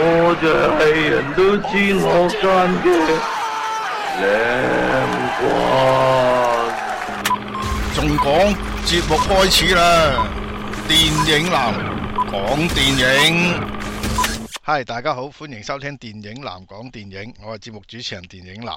我就係人都知我間嘅領冠，仲講節目開始啦！電影男講電影，嗨，大家好，歡迎收聽電影男講電影，我係節目主持人電影男。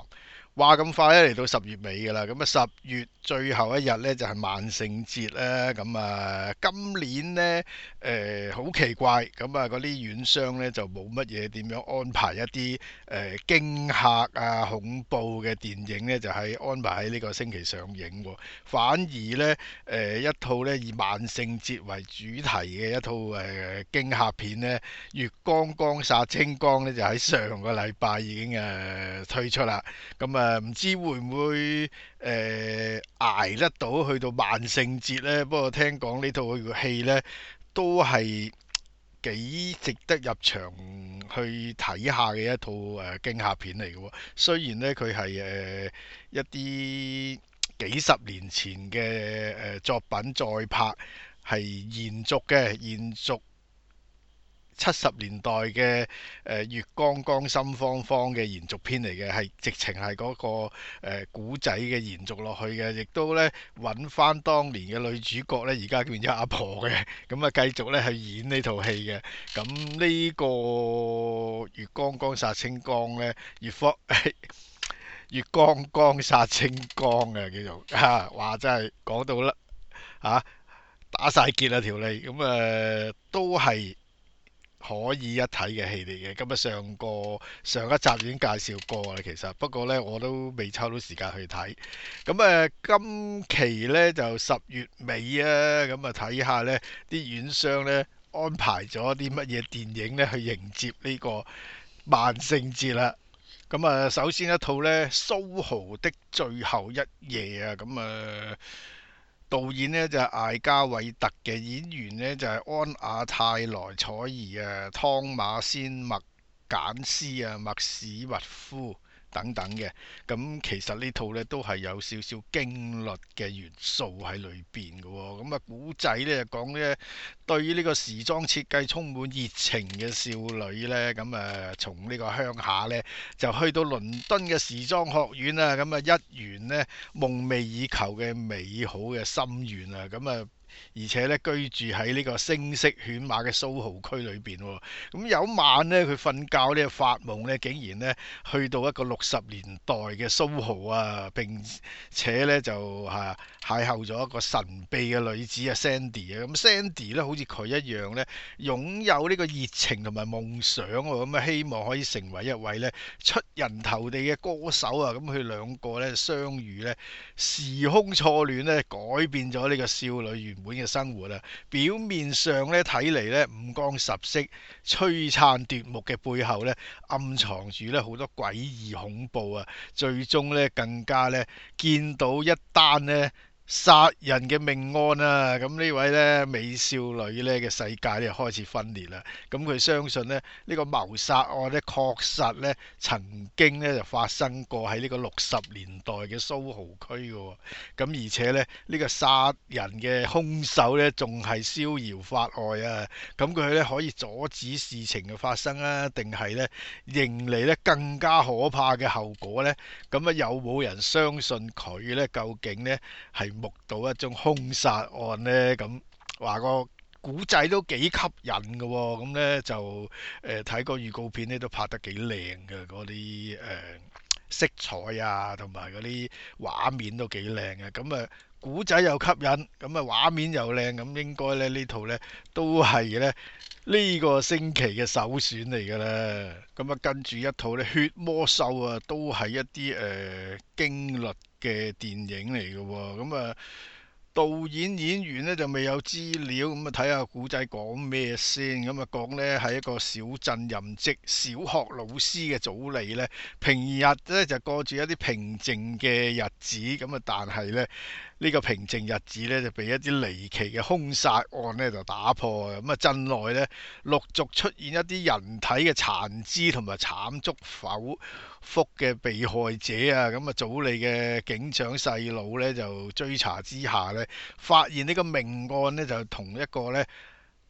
話咁快咧，嚟到十月尾噶啦，咁啊十月最後一日咧就係萬聖節啦。咁啊，今年呢，誒、呃、好奇怪，咁啊嗰啲院商咧就冇乜嘢點樣安排一啲誒、呃、驚嚇啊恐怖嘅電影咧，就係、是、安排喺呢個星期上映啊。反而呢，誒、呃、一套咧以萬聖節為主題嘅一套誒、呃、驚嚇片呢，《月光光殺清光呢》咧就喺上個禮拜已經誒、啊、推出啦。咁啊～誒唔知會唔會誒、呃、捱得到去到萬聖節呢？不過聽講呢套戲呢，都係幾值得入場去睇下嘅一套誒、呃、驚嚇片嚟嘅喎。雖然呢，佢係誒一啲幾十年前嘅誒、呃、作品再拍，係延續嘅延續。七十年代嘅誒《月光光心慌慌》嘅延續片嚟嘅，係直情係嗰個誒古仔嘅延續落去嘅，亦都咧搵返當年嘅女主角咧，而家變咗阿婆嘅，咁啊繼續咧去演呢套戲嘅。咁呢個《月光光殺清光》咧，《月光月光光殺清光》啊，叫做嚇哇！真係講到啦嚇，打曬結啊條脷咁誒，都係。可以一睇嘅戲嚟嘅，咁啊上個上一集已經介紹過啦，其實不過呢，我都未抽到時間去睇，咁誒啊，今期呢，就十月尾啊，咁啊睇下呢啲院商呢安排咗啲乜嘢電影呢去迎接呢個萬聖節啦，咁啊首先一套呢《蘇豪的最後一夜》啊，咁啊。導演呢，就係、是、艾嘉韋特嘅，演員呢，就係、是、安雅泰、萊彩兒啊、湯馬仙麥簡斯啊、麥史密夫。等等嘅，咁其實呢套呢都係有少少驚慄嘅元素喺裏邊嘅喎，咁啊古仔呢講呢，呢對於呢個時裝設計充滿熱情嘅少女呢，咁啊從呢個鄉下呢就去到倫敦嘅時裝學院啊，咁啊，一圓呢夢寐以求嘅美好嘅心願啊，咁啊～而且咧居住喺呢個聲色犬馬嘅蘇豪區裏邊，哦，咁、嗯、有一晚咧佢瞓覺咧發夢咧，竟然咧去到一個六十年代嘅蘇豪啊，並且咧就吓邂逅咗一個神秘嘅女子啊 Sandy 啊，咁 SAND、嗯、Sandy 咧好似佢一樣咧，擁有呢個熱情同埋夢想啊，哦，咁、嗯、啊希望可以成為一位咧出人頭地嘅歌手啊，咁、嗯、佢兩個咧相遇咧時空錯亂咧改變咗呢個少女本嘅生活啊，表面上咧睇嚟咧五光十色、璀璨奪目嘅背後咧，暗藏住咧好多詭異恐怖啊！最終咧更加咧見到一單咧。殺人嘅命案啊！咁呢位咧美少女咧嘅世界咧開始分裂啦。咁佢相信呢，呢個謀殺案咧確實咧曾經咧就發生過喺呢個六十年代嘅蘇豪區嘅喎。咁而且咧呢個殺人嘅兇手咧仲係逍遙法外啊！咁佢咧可以阻止事情嘅發生啊？定係咧迎嚟咧更加可怕嘅後果咧？咁啊有冇人相信佢咧究竟咧係？目睹一宗凶殺案呢，咁話個古仔都幾吸引嘅喎、哦，咁、嗯、呢就誒睇個預告片呢，都拍得幾靚嘅，嗰啲誒色彩啊，同埋嗰啲畫面都幾靚嘅，咁啊古仔又吸引，咁啊畫面又靚，咁、嗯、應該咧呢套呢，都係咧呢、這個星期嘅首選嚟嘅啦。咁、嗯、啊跟住一套咧《血魔獸》啊，都係一啲誒驚慄，呃嘅電影嚟㗎喎，咁、嗯、啊導演演員呢就未有資料，咁啊睇下古仔講咩先，咁、嗯、啊講呢係一個小鎮任職小學老師嘅祖理呢，平日呢，就過住一啲平靜嘅日子，咁、嗯、啊但係呢。呢個平靜日子咧，就被一啲離奇嘅兇殺案咧就打破。咁啊，鎮內咧陸續出現一啲人體嘅殘肢同埋慘遭剖腹嘅被害者啊！咁、嗯、啊，早嚟嘅警長細佬咧就追查之下咧，發現個呢個命案咧就同一個咧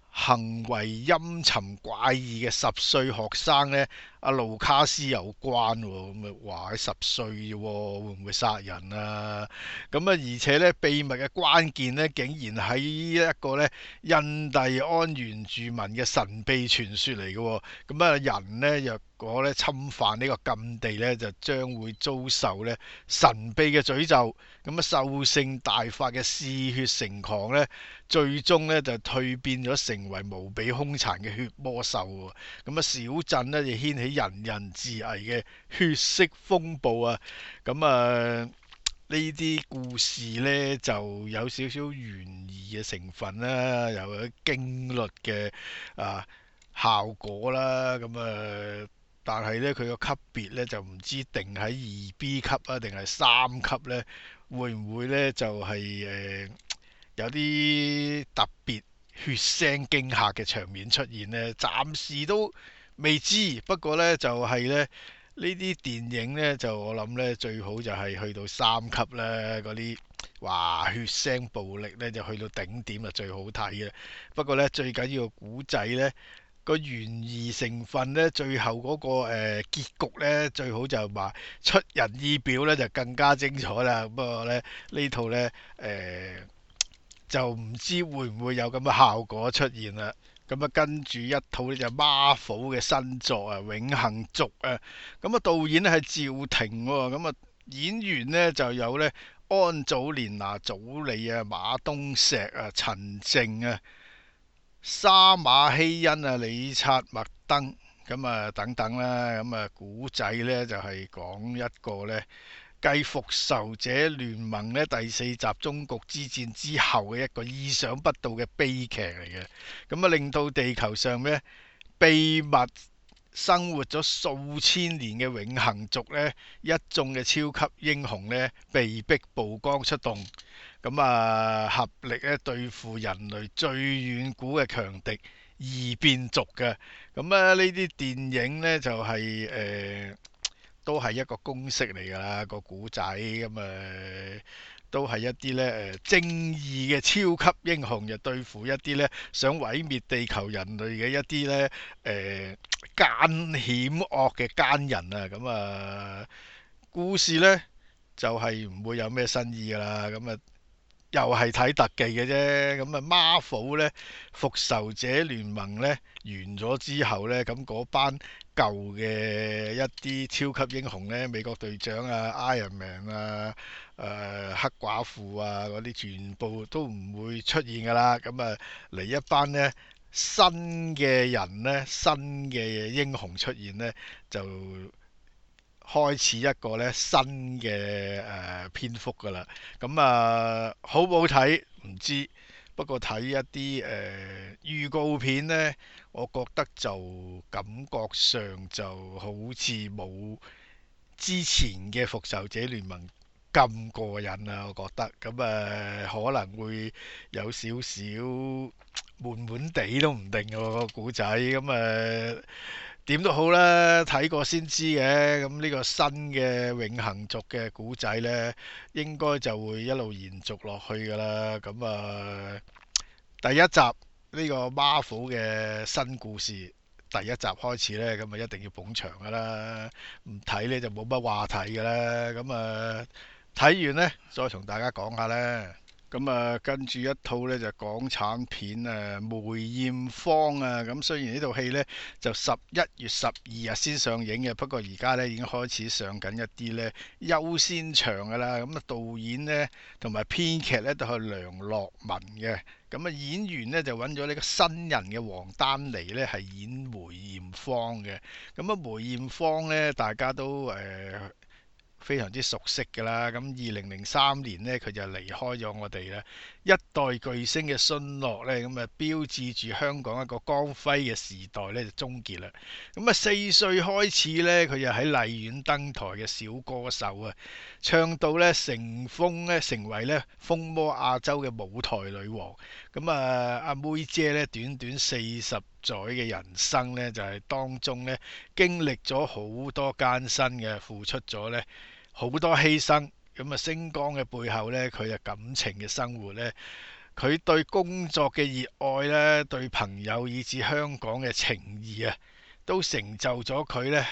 行為陰沉怪異嘅十歲學生咧。阿盧卡斯有關喎，咪話佢十歲啫喎，會唔會殺人啊？咁啊，而且咧秘密嘅關鍵咧，竟然喺一個咧印第安原住民嘅神秘傳說嚟嘅。咁啊，人咧若果咧侵犯呢個禁地咧，就將會遭受咧神秘嘅詛咒。咁啊，獸性大發嘅嗜血成狂咧，最終咧就蛻變咗成為無比兇殘嘅血魔獸。咁、嗯、啊，小鎮咧就掀起。人人自危嘅血色風暴啊！咁、嗯、啊，呢、呃、啲故事呢就有少少懸疑嘅成分啦，又有驚慄嘅效果啦。咁、嗯、啊、呃，但係呢，佢個級別呢就唔知定喺二 B 級啊，定係三級呢，會唔會呢？就係、是、誒、呃、有啲特別血腥驚吓嘅場面出現呢，暫時都。未知，不過呢，就係、是、咧呢啲電影呢，就我諗呢最好就係去到三級咧嗰啲嘩血腥暴力呢，就去到頂點就最好睇嘅。不過呢，最緊要古仔呢個懸疑成分呢，最後嗰、那個誒、呃、結局呢，最好就話出人意表呢，就更加精彩啦！不過呢，呢套呢，誒、呃、就唔知會唔會有咁嘅效果出現啦。咁啊，跟住一套呢就係 Marvel 嘅新作啊，《永恆族》啊，咁啊，導演咧係趙婷喎、啊，咁啊，演員呢就有呢安祖蓮娜、祖莉啊、馬東石啊、陳靜啊、沙馬希恩啊、李察麥登咁啊等等啦，咁啊，古、啊、仔呢就係、是、講一個呢。繼《復仇者聯盟》呢第四集《中國之戰》之後嘅一個意想不到嘅悲劇嚟嘅，咁啊令到地球上呢秘密生活咗數千年嘅永恆族咧一眾嘅超級英雄咧被逼曝光出動，咁啊合力咧對付人類最遠古嘅強敵異變族嘅，咁啊呢啲電影咧就係誒。呃都係一個公式嚟㗎啦，個古仔咁啊，都係一啲呢正義嘅超級英雄，就對付一啲呢想毀滅地球人類嘅一啲呢誒、呃、奸險惡嘅奸人啊，咁、嗯、啊故事呢就係、是、唔會有咩新意㗎啦，咁、嗯、啊～又係睇特技嘅啫，咁啊，Marvel 呢，復仇者聯盟呢，完咗之後呢，咁嗰班舊嘅一啲超級英雄呢，美國隊長啊、Iron Man 啊、誒、呃、黑寡婦啊嗰啲，全部都唔會出現㗎啦。咁啊，嚟一班呢新嘅人呢，新嘅英雄出現呢，就～開始一個咧新嘅誒篇幅㗎啦，咁、呃、啊好唔好睇唔知，不過睇一啲誒預告片呢，我覺得就感覺上就好似冇之前嘅復仇者聯盟咁過癮啊，我覺得，咁啊可能會有少少悶悶地都唔定個古仔，咁啊～、這個點都好啦，睇過先知嘅。咁呢個新嘅永恆族嘅古仔呢，應該就會一路延續落去噶啦。咁啊、呃，第一集呢、這個 m a 嘅新故事第一集開始呢，咁啊一定要捧場噶啦。唔睇呢就冇乜話題噶啦。咁啊睇完呢，再同大家講下呢。咁啊、嗯，跟住一套咧就是、港產片啊，《梅艷芳》啊，咁、嗯、雖然呢套戲咧就十一月十二日先上映嘅，不過而家咧已經開始上緊一啲咧優先場嘅啦。咁、嗯、啊，導演咧同埋編劇咧都係梁樂文嘅。咁、嗯、啊，演員咧就揾咗呢個新人嘅王丹妮咧係演梅艷芳嘅。咁、嗯、啊，梅艷芳咧大家都誒。呃非常之熟悉嘅啦，咁二零零三年呢，佢就離開咗我哋啦。一代巨星嘅殞落呢。咁啊標誌住香港一個光輝嘅時代呢，就終結啦。咁啊四歲開始呢，佢就喺荔園登台嘅小歌手啊，唱到呢成風呢，成為呢風靡亞洲嘅舞台女王。咁啊阿妹姐呢，短短四十載嘅人生呢，就係、是、當中呢，經歷咗好多艱辛嘅，付出咗呢。好多犧牲，咁啊，星光嘅背後呢，佢嘅感情嘅生活呢，佢對工作嘅熱愛呢，對朋友以至香港嘅情義啊，都成就咗佢呢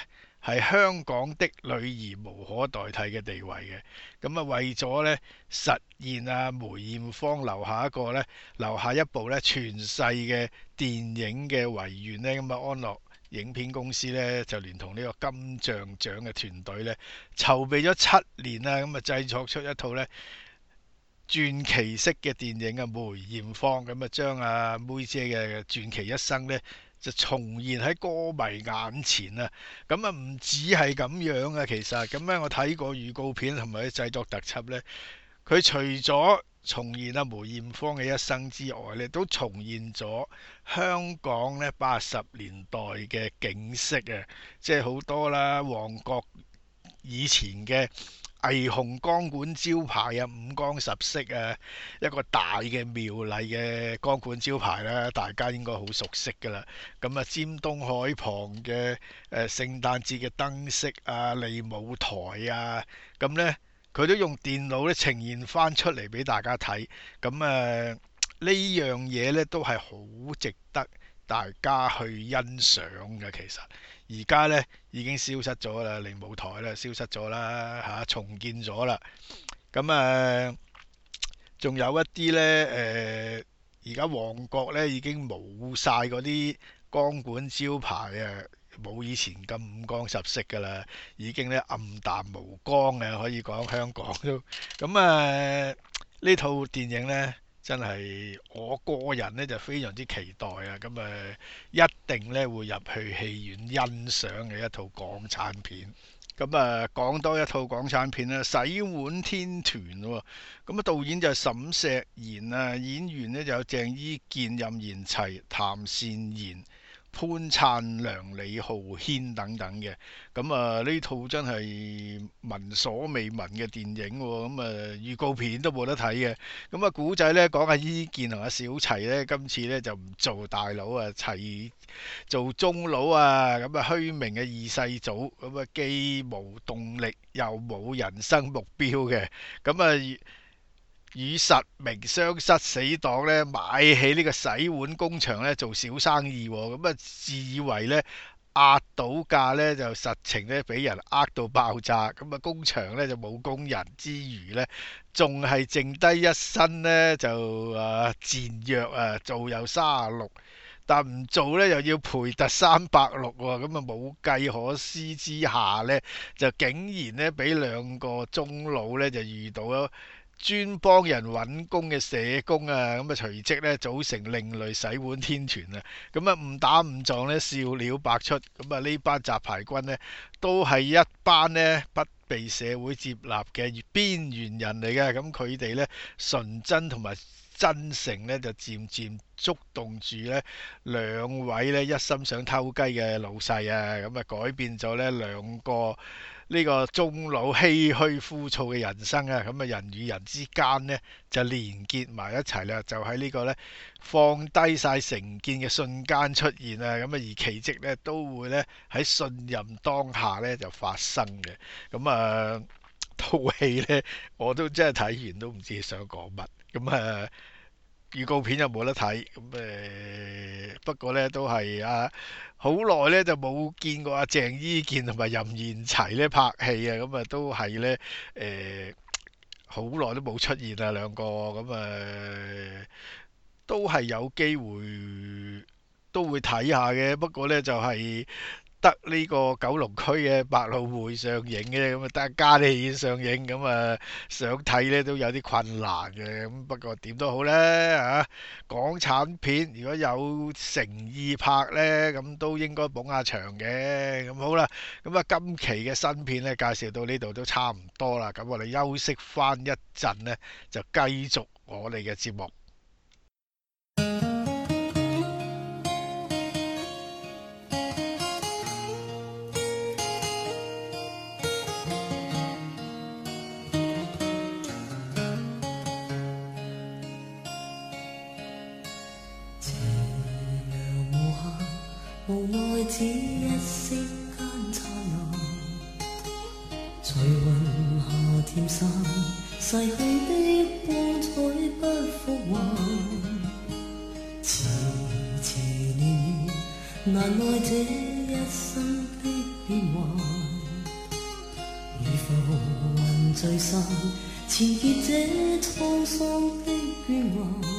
係香港的女兒無可代替嘅地位嘅。咁啊，為咗呢實現啊梅艷芳留下一個呢，留下一部呢傳世嘅電影嘅遺願呢。咁啊安樂影片公司咧就連同呢個金像獎嘅團隊咧籌備咗七年啦，咁、嗯、啊製作出一套咧傳奇式嘅電影啊梅艷芳，咁、嗯、啊將阿妹姐嘅傳奇一生咧就重現喺歌迷眼前啊！咁啊唔止係咁樣啊，其實咁咧、嗯、我睇過預告片同埋製作特輯咧，佢除咗重現啊！梅艷芳嘅一生之外咧，都重現咗香港咧八十年代嘅景色啊！即係好多啦，旺角以前嘅霓虹光管招牌啊，五光十色啊，一個大嘅廟禮嘅光管招牌咧，大家應該好熟悉噶啦。咁、嗯、啊，尖東海旁嘅誒、呃、聖誕節嘅燈飾啊，利舞台啊，咁、嗯、呢。嗯嗯佢都用電腦咧呈現翻出嚟俾大家睇，咁誒呢樣嘢、啊、咧都係好值得大家去欣賞嘅。其實而家咧已經消失咗啦，利舞台啦，消失咗啦嚇，重建咗啦。咁誒、啊，仲有一啲咧誒，而家旺角咧已經冇晒嗰啲光管招牌啊！冇以前咁五光十色㗎啦，已經咧暗淡無光嘅，可以講香港都咁、 嗯、啊！呢套電影呢真係我個人呢就非常之期待啊！咁、嗯、啊，一定呢會入去戲院欣賞嘅一套港產片。咁、嗯、啊，講多一套港產片啦，《洗碗天團》喎、哦。咁、嗯、啊，導演就沈石賢啊，演員呢就有鄭伊健、任賢齊、譚善言、潘燦良、李浩軒等等嘅，咁、嗯、啊，呢套真係聞所未聞嘅電影、哦，咁啊預告片都冇得睇嘅。咁、嗯、啊，古仔呢講下，伊健同阿小齊呢，今次呢就唔做大佬啊，齊做中佬啊，咁啊虛名嘅二世祖，咁、嗯、啊既無動力又冇人生目標嘅，咁、嗯、啊。與實名相失死黨，死黨咧買起呢個洗碗工場咧做小生意、哦，咁啊自以為咧壓到價咧就實情咧俾人呃到爆炸，咁啊工場咧就冇工人之餘咧，仲係剩低一身咧就啊賤、呃、約啊做有三啊六，但唔做咧又要賠特三百六喎，咁、嗯、啊無計可施之下咧就竟然咧俾兩個中佬咧就遇到咗。專幫人揾工嘅社工啊，咁啊隨即咧組成另類洗碗天團啊。咁啊誤打誤撞咧笑料百出，咁啊呢班雜牌軍呢，都係一班呢，不被社會接納嘅邊緣人嚟嘅，咁佢哋呢，純真同埋真誠呢，就漸漸觸動住呢兩位呢，一心想偷雞嘅老細啊，咁、嗯、啊改變咗呢兩個。呢個終老唏噓枯燥嘅人生啊，咁啊人與人之間呢，就連結埋一齊啦，就喺呢個呢，放低晒成見嘅瞬間出現啊，咁啊而奇蹟呢，都會呢喺信任當下呢就發生嘅。咁啊套戲呢，我都真係睇完都唔知想講乜，咁、嗯、啊～、呃預告片又冇得睇，咁、呃、誒不過呢都係啊，好耐呢就冇見過阿鄭伊健同埋任賢齊呢拍戲啊，咁啊都係呢，誒好耐都冇出現啊兩個，咁啊都係有機會都會睇下嘅，不過呢就係、是。得呢個九龍區嘅百老匯上映嘅咁啊，得幾間戲院上映咁啊，想睇呢都有啲困難嘅咁。不過點都好呢，嚇，港產片如果有誠意拍呢，咁都應該捧下場嘅咁好啦。咁啊，今期嘅新片呢，介紹到呢度都差唔多啦。咁我哋休息翻一陣呢，就繼續我哋嘅節目。無奈只一息間燦爛，隨雲霞漸散，逝去的光彩不復還。遲遲年月，難耐這一生的變幻，如浮雲聚散，纏結這滄桑的倦顏。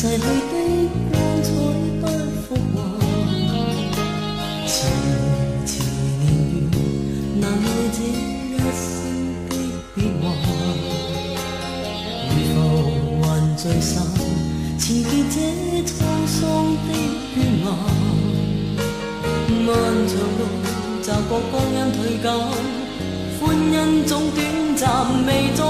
逝去的光彩不復還，啊，遲遲年月難耐這一生的變幻，如浮雲聚散，纏結這滄桑的倦顏。漫長路驟覺，光陰退減，歡欣總短暫。未再。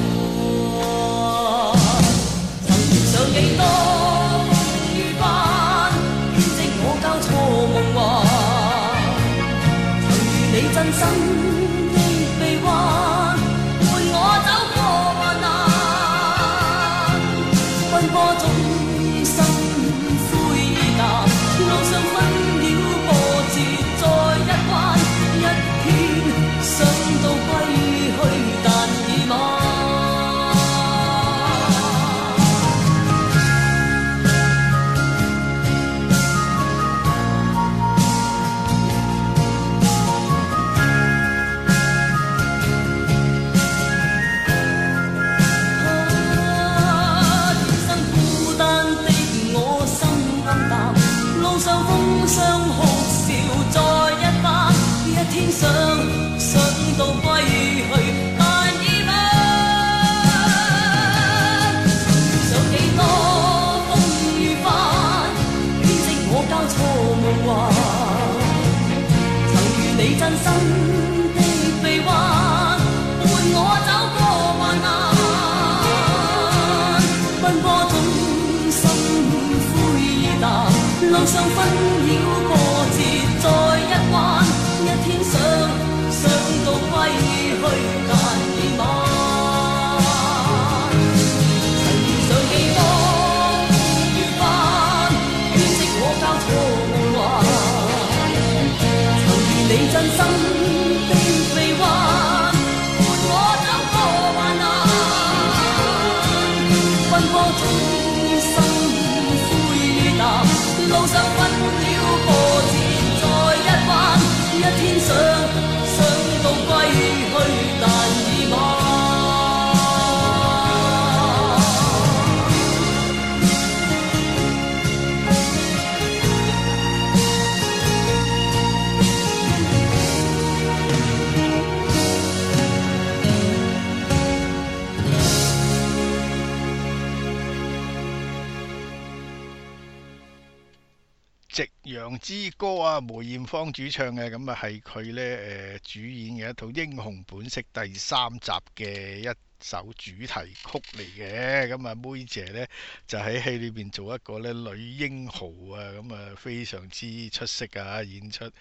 之歌啊，梅艷芳主唱嘅，咁啊係佢呢，誒、呃、主演嘅一套《英雄本色》第三集嘅一首主題曲嚟嘅。咁啊梅姐呢，就喺戲裏邊做一個咧女英雄啊，咁、嗯、啊非常之出色啊演出。咁、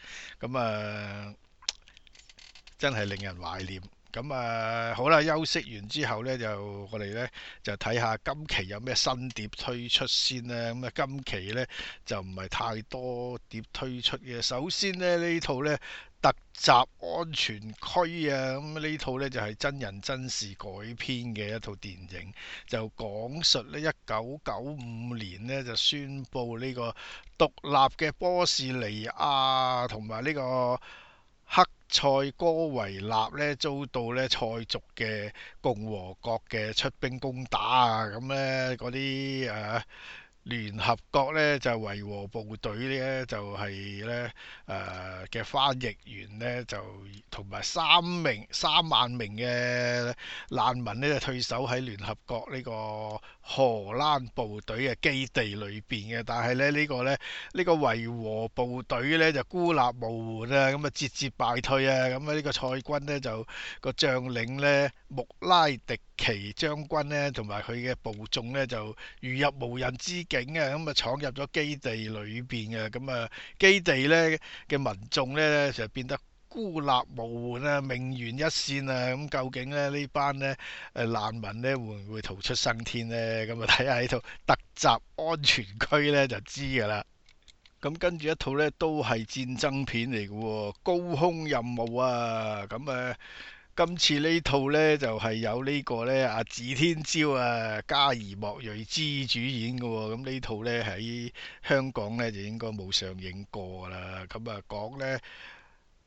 嗯、啊、呃、真係令人懷念。咁啊，好啦，休息完之後咧，就我哋咧就睇下今期有咩新碟推出先啦。咁啊，今期咧就唔係太多碟推出嘅。首先咧，套呢套咧突襲安全區啊，咁、嗯、呢套咧就係、是、真人真事改編嘅一套電影，就講述咧一九九五年咧就宣布呢個獨立嘅波士尼亞同埋呢個。塞哥維納咧遭到咧塞族嘅共和國嘅出兵攻打啊，咁咧嗰啲誒。呃聯合國咧就維和部隊咧就係咧誒嘅翻譯員咧就同埋三名三萬名嘅難民咧就退守喺聯合國呢個荷蘭部隊嘅基地裏邊嘅，但係咧呢個咧呢個維和部隊咧就孤立無援啊，咁啊節節敗退啊，咁啊呢個塞軍咧就個將領咧穆拉迪。其將軍咧，同埋佢嘅部眾咧，就如入無人之境啊！咁啊，闖入咗基地裏邊嘅，咁啊，基地咧嘅民眾咧，就變得孤立無援啊，命懸一線啊！咁、嗯、究竟咧呢班咧誒難民咧會唔會逃出生天咧？咁、嗯、啊，睇下呢套突襲安全區咧就知噶啦。咁、嗯、跟住一套咧都係戰爭片嚟嘅喎，高凶任務啊！咁、嗯、誒。嗯嗯今次呢套呢，就係、是、有呢個呢阿紫、啊、天朝啊加爾莫瑞茲主演嘅喎、哦，咁呢套呢，喺香港呢，就應該冇上映過啦。咁啊講呢，誒、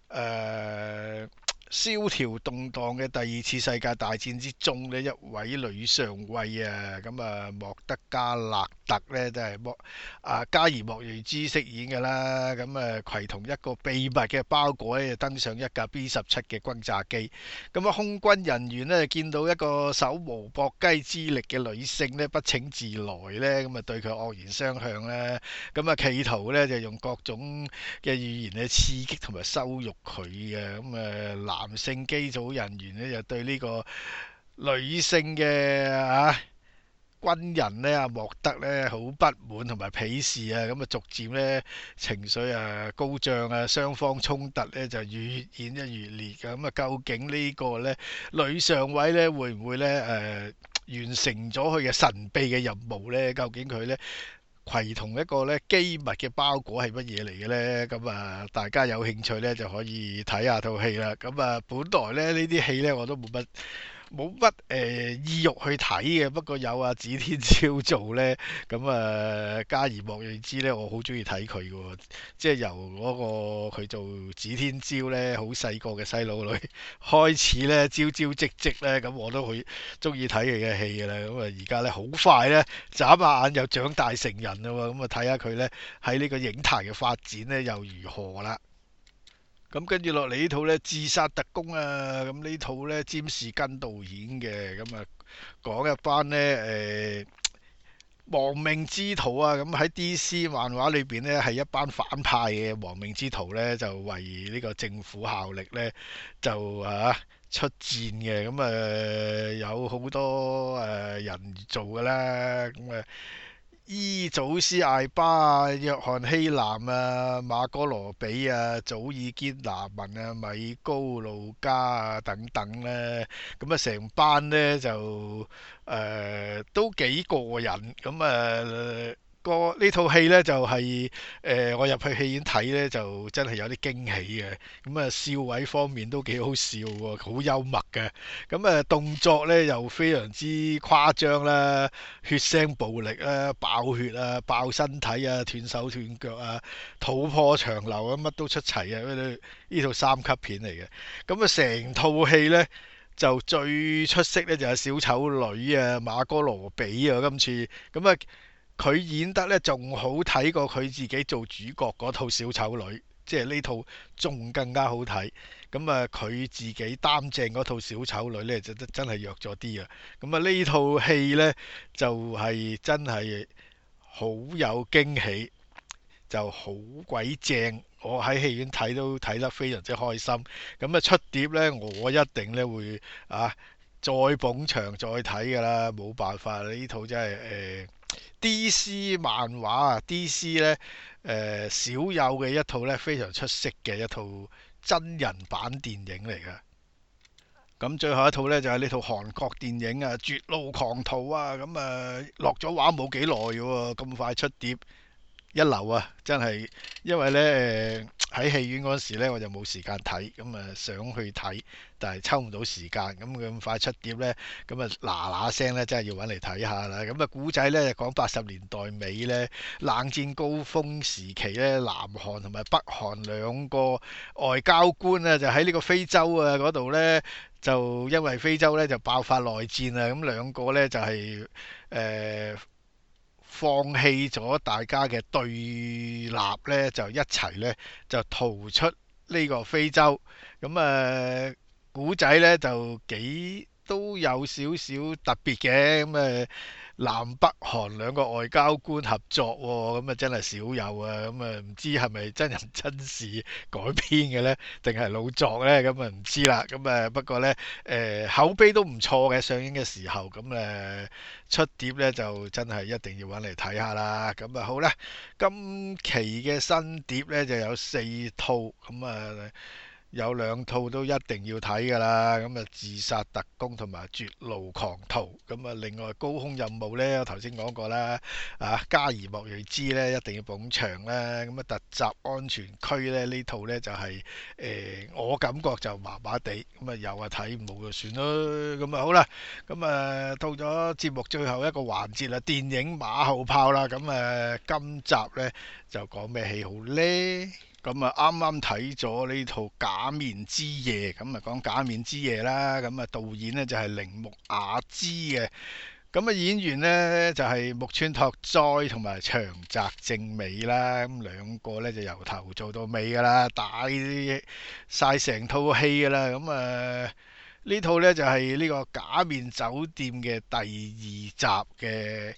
呃、蕭條動盪嘅第二次世界大戰之中呢，一位女上尉啊，咁啊莫德加勒。特咧真係莫啊加爾莫瑞之飾演嘅啦，咁啊攜同一個秘密嘅包裹咧，就登上一架 B 十七嘅轟炸機。咁啊空軍人員咧見到一個手無縛雞之力嘅女性咧不請自來咧，咁啊對佢惡言相向咧，咁啊企圖咧就用各種嘅語言去刺激同埋羞辱佢嘅。咁啊男性機組人員咧就對呢個女性嘅啊。軍人咧啊莫德咧好不滿同埋鄙視啊，咁啊逐漸咧情緒啊高漲啊，雙方衝突咧就越演越烈嘅。咁啊究竟呢個咧女上位咧會唔會咧誒完成咗佢嘅神秘嘅任務咧？究竟佢咧攜同一個咧機密嘅包裹係乜嘢嚟嘅咧？咁啊大家有興趣咧就可以睇下套戲啦。咁啊本來咧呢啲戲咧我都冇乜。冇乜誒意欲去睇嘅，不過有啊，指天椒做呢，咁、嗯、啊，嘉兒莫瑞芝呢。我好中意睇佢喎，即係由嗰個佢做指天椒呢，好細個嘅細路女開始呢，朝朝夕夕呢。咁、嗯、我都好中意睇佢嘅戲嘅啦，咁啊而家呢，好快呢，眨下眼又長大成人啊喎，咁啊睇下佢呢喺呢個影壇嘅發展呢，又如何啦。咁跟住落嚟呢套咧，自殺特工啊，咁呢套咧占士根導演嘅，咁啊講一班咧誒、呃、亡命之徒啊，咁、嗯、喺 DC 漫畫裏邊咧係一班反派嘅亡命之徒咧，就為呢個政府效力咧，就啊出戰嘅，咁、嗯、啊、呃、有好多誒、呃、人做㗎啦，咁、嗯、啊。呃伊祖斯艾巴啊、約翰希南啊、馬哥羅比啊、祖爾堅拿文啊、米高路加啊等等呢。咁啊成班呢，就誒、呃、都幾過癮，咁啊～啊個呢套戲呢，就係、是、誒、呃，我入去戲院睇呢，就真係有啲驚喜嘅。咁、嗯、啊，笑位方面都幾好笑喎，好幽默嘅。咁、嗯、啊，動作呢又非常之誇張啦，血腥暴力啊，爆血啊，爆身體啊，斷手斷腳啊，肚破腸流啊，乜都出齊啊！呢套三級片嚟嘅。咁、嗯、啊，成套戲呢，就最出色呢，就係小丑女啊，馬哥羅比啊，今次咁啊。嗯嗯。佢演得咧仲好睇過佢自己做主角嗰套小丑女，即係呢套仲更加好睇。咁啊，佢自己擔正嗰套小丑女呢，就真真係弱咗啲啊。咁啊，呢套戲呢，就係真係好有驚喜，就好鬼正。我喺戲院睇都睇得非常之開心。咁啊，出碟呢，我一定咧會啊再捧場再睇噶啦，冇辦法，呢套真係誒。呃 D.C. 漫畫啊，D.C. 咧誒，少、呃、有嘅一套咧非常出色嘅一套真人版電影嚟嘅。咁、嗯、最後一套咧就係、是、呢套韓國電影啊，《絕路狂逃》啊，咁、嗯、啊，落咗畫冇幾耐喎，咁快出碟。一流啊，真係，因為呢呃喺戲院嗰時呢，我就冇時間睇，咁、嗯、啊想去睇，但係抽唔到時間，咁佢咁快出碟呢，咁啊嗱嗱聲呢，真係要揾嚟睇下啦。咁啊古仔呢，講八十年代尾呢，冷戰高峰時期呢，南韓同埋北韓兩個外交官啊就喺呢個非洲啊嗰度呢，就因為非洲呢，就爆發內戰啊，咁、嗯、兩個呢，就係、是、誒。呃放棄咗大家嘅對立呢就一齊呢，就逃出呢個非洲。咁、嗯、誒，古仔呢就幾都有少少特別嘅。咁、嗯、誒。南北韓兩個外交官合作喎、哦，咁、嗯、啊真係少有啊，咁啊唔知係咪真人真事改編嘅呢？定係老作呢？咁啊唔知啦，咁、嗯、啊不過呢，誒、呃、口碑都唔錯嘅上映嘅時候，咁、嗯、誒出碟呢，就真係一定要揾嚟睇下啦，咁、嗯、啊好啦，今期嘅新碟呢，就有四套，咁、嗯、啊。嗯有兩套都一定要睇㗎啦，咁啊《自殺特工》同埋《絕路狂逃》，咁啊另外《高凶任務》呢，我頭先講過啦，啊加爾莫瑞之呢一定要捧場啦。咁啊《突襲安全區》呢，呢套呢就係、是、誒、呃、我感覺就麻麻地，咁啊又啊睇冇就算啦，咁啊好啦，咁啊到咗節目最後一個環節啦，電影馬後炮啦，咁啊今集呢就講咩戲好呢？咁啊！啱啱睇咗呢套《假面之夜》，咁啊講《假面之夜》啦。咁啊，導演呢就係鈴木雅之嘅。咁啊，演員呢就係木村拓哉同埋長澤正美啦。咁兩個呢就由頭做到尾噶啦，帶晒成套戲噶啦。咁啊，呢套呢就係呢個《假面酒店》嘅第二集嘅《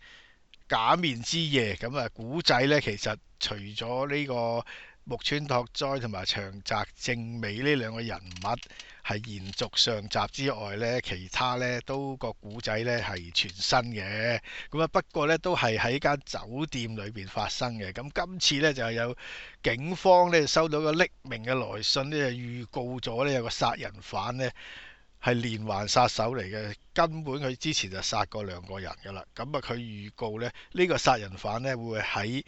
假面之夜》。咁啊，古仔呢其實除咗呢個。木村拓哉同埋長澤正美呢兩個人物係延續上集之外呢，其他呢都個古仔呢係全新嘅。咁啊，不過呢都係喺間酒店裏邊發生嘅。咁今次呢就有警方呢收到個匿名嘅來信呢就預告咗呢有個殺人犯呢係連環殺手嚟嘅，根本佢之前就殺過兩個人噶啦。咁啊，佢預告呢，呢個殺人犯呢會喺。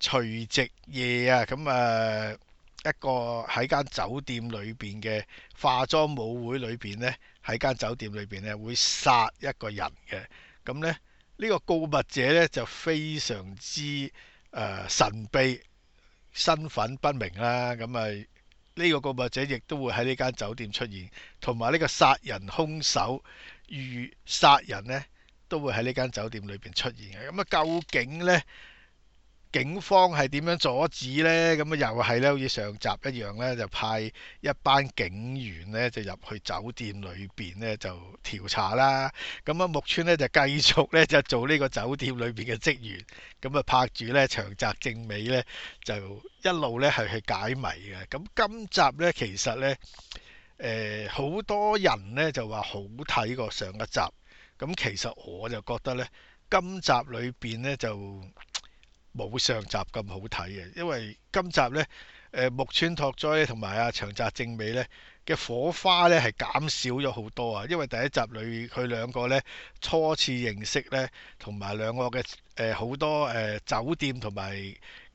除夕夜啊，咁、嗯、啊，一個喺間酒店裏邊嘅化妝舞會裏邊呢，喺間酒店裏邊呢，會殺一個人嘅。咁、嗯、呢，呢、呢個告密者呢，就非常之誒、呃、神秘，身份不明啦。咁、嗯、啊，呢、嗯呢個告密者亦都會喺呢間酒店出現，同埋呢個殺人兇手遇殺人呢，都會喺呢間酒店裏邊出現嘅。咁啊，究竟呢？警方係點樣阻止呢？咁啊，又係咧，好似上集一樣咧，就派一班警員咧，就入去酒店裏邊咧，就調查啦。咁、嗯、啊，木村咧就繼續咧就做呢個酒店裏邊嘅職員。咁、嗯、啊，拍住咧長澤正美咧，就一路咧係去解謎嘅。咁、嗯、今集咧其實咧，誒、呃、好多人咧就話好睇過上一集。咁、嗯、其實我就覺得咧，今集裏邊咧就。冇上集咁好睇嘅，因為今集呢，木村拓哉同埋阿長澤正美呢嘅火花呢，係減少咗好多啊，因為第一集裏，佢兩個呢初次認識呢，同埋兩個嘅誒好多誒、呃、酒店同埋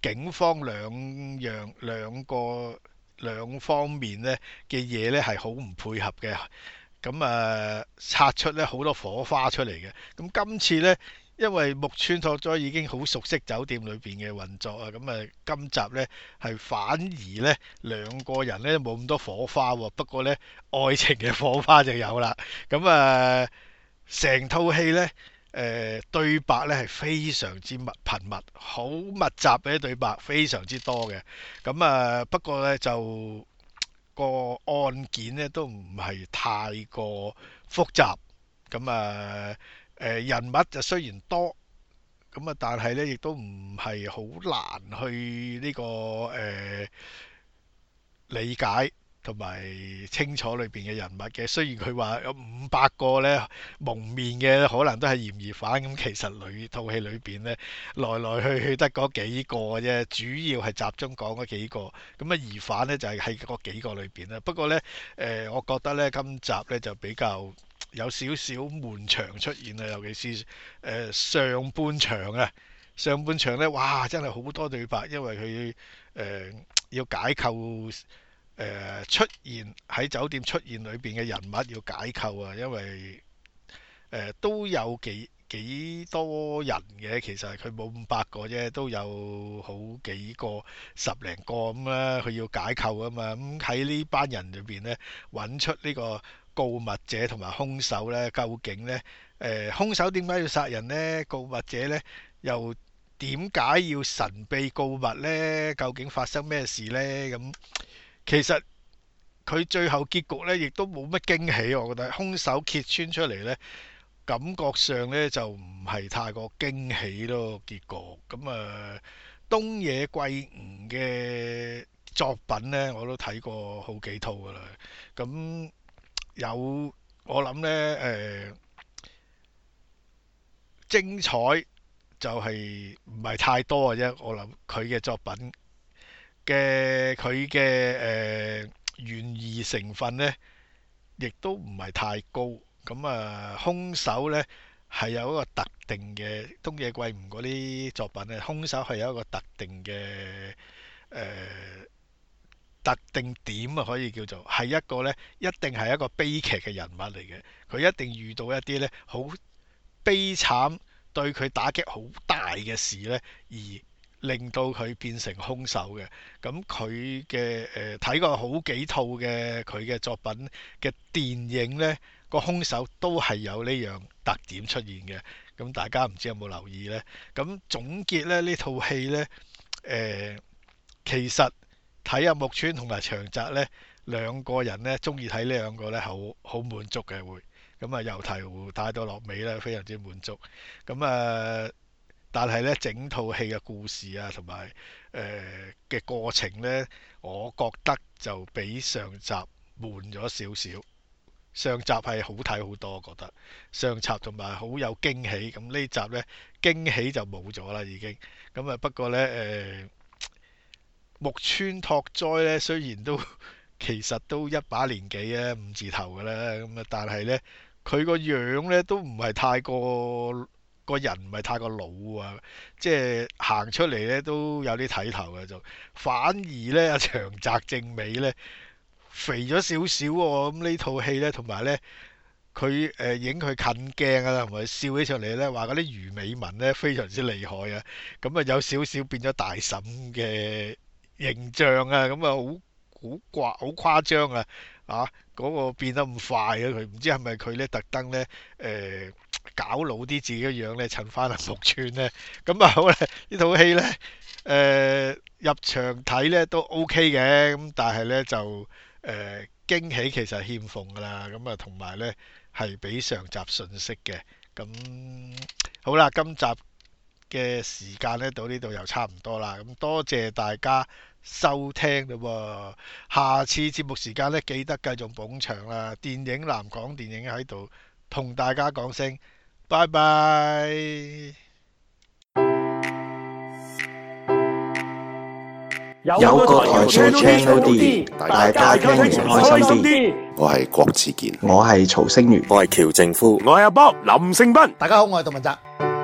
警方兩樣兩個兩方面呢嘅嘢呢，係好唔配合嘅，咁、嗯、啊，擦、呃、出呢好多火花出嚟嘅，咁、嗯、今次呢。因為木村拓哉已經好熟悉酒店裏邊嘅運作啊，咁啊，今集呢，係反而呢兩個人呢冇咁多火花喎、哦，不過呢，愛情嘅火花就有啦。咁、嗯、啊，成、呃、套戲呢誒、呃、對白呢係非常之密頻密，好密集嘅啲對白，非常之多嘅。咁、嗯、啊、呃，不過呢，就、這個案件呢都唔係太過複雜，咁、嗯、啊。呃呃、人物就雖然多，咁啊，但係咧亦都唔係好難去呢個誒、呃、理解同埋清楚裏邊嘅人物嘅。雖然佢話有五百個咧蒙面嘅，可能都係嫌疑犯咁。其實裏套戲裏邊咧，來來去去得嗰幾個啫，主要係集中講嗰幾個。咁啊，疑犯咧就係喺嗰幾個裏邊啦。不過呢，誒、呃，我覺得呢今集呢，就比較有少少悶場出現啦，尤其是誒、呃、上半場啊，上半場呢，哇，真係好多對白，因為佢誒、呃、要解構誒、呃、出現喺酒店出現裏邊嘅人物要解構啊，因為、呃、都有幾幾多人嘅，其實佢冇五百個啫，都有好幾個十零個咁啦，佢、嗯、要解構啊嘛，咁喺呢班人裏邊呢，揾出呢、呢個。告密者同埋兇手呢，究竟呢？誒、呃，兇手點解要殺人呢？告密者呢，又點解要神秘告密呢？究竟發生咩事呢？咁、嗯、其實佢最後結局呢，亦都冇乜驚喜，我覺得。兇手揭穿出嚟呢，感覺上呢，就唔係太過驚喜咯。結果咁啊，東、嗯呃、野圭吾嘅作品呢，我都睇過好幾套噶啦，咁、嗯。有我諗呢，誒、呃、精彩就係唔係太多嘅啫。我諗佢嘅作品嘅佢嘅誒懸疑成分呢，亦都唔係太高。咁、嗯、啊、呃，兇手呢，係有一個特定嘅東野圭吾嗰啲作品咧，兇手係有一個特定嘅誒。呃特定點啊，可以叫做係一個咧，一定係一個悲劇嘅人物嚟嘅。佢一定遇到一啲咧好悲慘，對佢打擊好大嘅事咧，而令到佢變成兇手嘅。咁佢嘅誒睇過好幾套嘅佢嘅作品嘅電影呢，個兇手都係有呢樣特點出現嘅。咁、嗯、大家唔知有冇留意呢？咁、嗯、總結咧呢套戲呢，誒、呃、其實。睇阿木村同埋長澤呢兩個人呢，中意睇呢兩個呢，好好滿足嘅會。咁啊由頭帶到落尾呢，非常之滿足。咁、嗯、啊、呃，但係呢，整套戲嘅故事啊，同埋誒嘅過程呢，我覺得就比上集悶咗少少。上集係好睇好多，我覺得上集同埋好有驚喜。咁、嗯、呢集呢，驚喜就冇咗啦，已經。咁、嗯、啊不過呢。誒、呃。木村拓哉咧，雖然都其實都一把年紀啊，五字頭㗎喇咁啊，但係咧佢個樣咧都唔係太過，個人唔係太過老啊，即係行出嚟咧都有啲睇頭嘅就。反而咧阿長澤正美咧肥咗少少喎，咁呢套戲咧同埋咧佢誒影佢近鏡啊，同埋笑起上嚟咧，話嗰啲魚尾紋咧非常之厲害啊，咁啊有少少變咗大嬸嘅形象啊，咁啊好古怪，好誇張啊！啊，嗰、嗰個變得咁快啊，佢唔知係咪佢咧特登咧誒，搞老啲自己嘅樣咧襯翻啊，木村咧。咁啊好啦，呢套戲咧誒，入場睇咧都 OK 嘅，咁但係咧就誒驚、呃、喜其實係欠奉噶啦。咁啊同埋咧係比上集信息嘅。咁好啦，今集，嘅時間呢到呢度又差唔多啦，咁多謝大家收聽啦喎，下次節目時間呢，記得繼續捧場啦，電影男講電影喺度同大家講聲拜拜。有個台最精啲，大家聽完開心啲。我係郭子健，我係曹星如，我係喬正夫，我係阿 Bob 林盛斌，大家好，我係杜文澤。